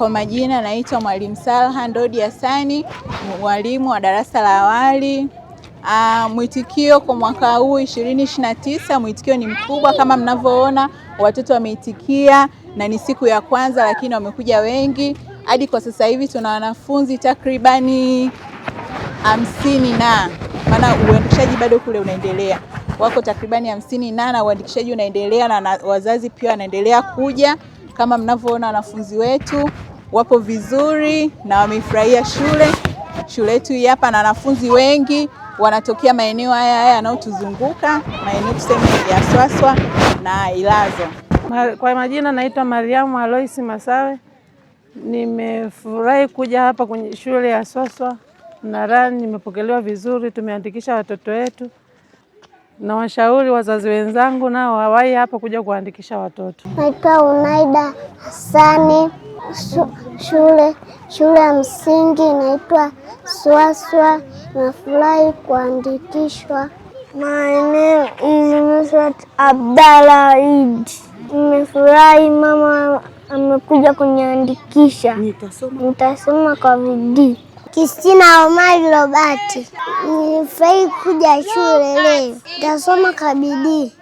Kwa majina naitwa Mwalimu Salha Ndodi Hassani, mwalimu wa darasa la awali. Aa, ah, mwitikio kwa mwaka huu ishirini mwitikio ni mkubwa kama mnavyoona, watoto wameitikia na ni siku ya kwanza, lakini wamekuja wengi. Hadi kwa sasa hivi tuna wanafunzi takribani hamsini na maana uandikishaji bado kule unaendelea, wako takribani hamsini na na uandikishaji unaendelea na, na wazazi pia wanaendelea kuja kama mnavyoona wanafunzi wetu wapo vizuri na wamefurahia shule. Shule yetu hii hapa na wanafunzi wengi wanatokea maeneo haya haya yanayotuzunguka, maeneo tuseme ya Swaswa na Ilazo. Kwa majina naitwa Mariamu Alois Masawe. Nimefurahi kuja hapa kwenye shule ya Swaswa Mnarani, nimepokelewa vizuri, tumeandikisha watoto wetu na washauri wazazi wenzangu nao hawahi hapa kuja kuandikisha watoto. Naitwa Unaida Hasani shule shule ya msingi inaitwa Swaswa. Nafurahi kuandikishwa. My name is Nusrat Abdalla Eid. Nimefurahi mama amekuja kuniandikisha. Nitasoma, nitasoma kwa bidii. Kristina Omari Robati. Nilifurahi kuja shule leo, nitasoma kwa bidii.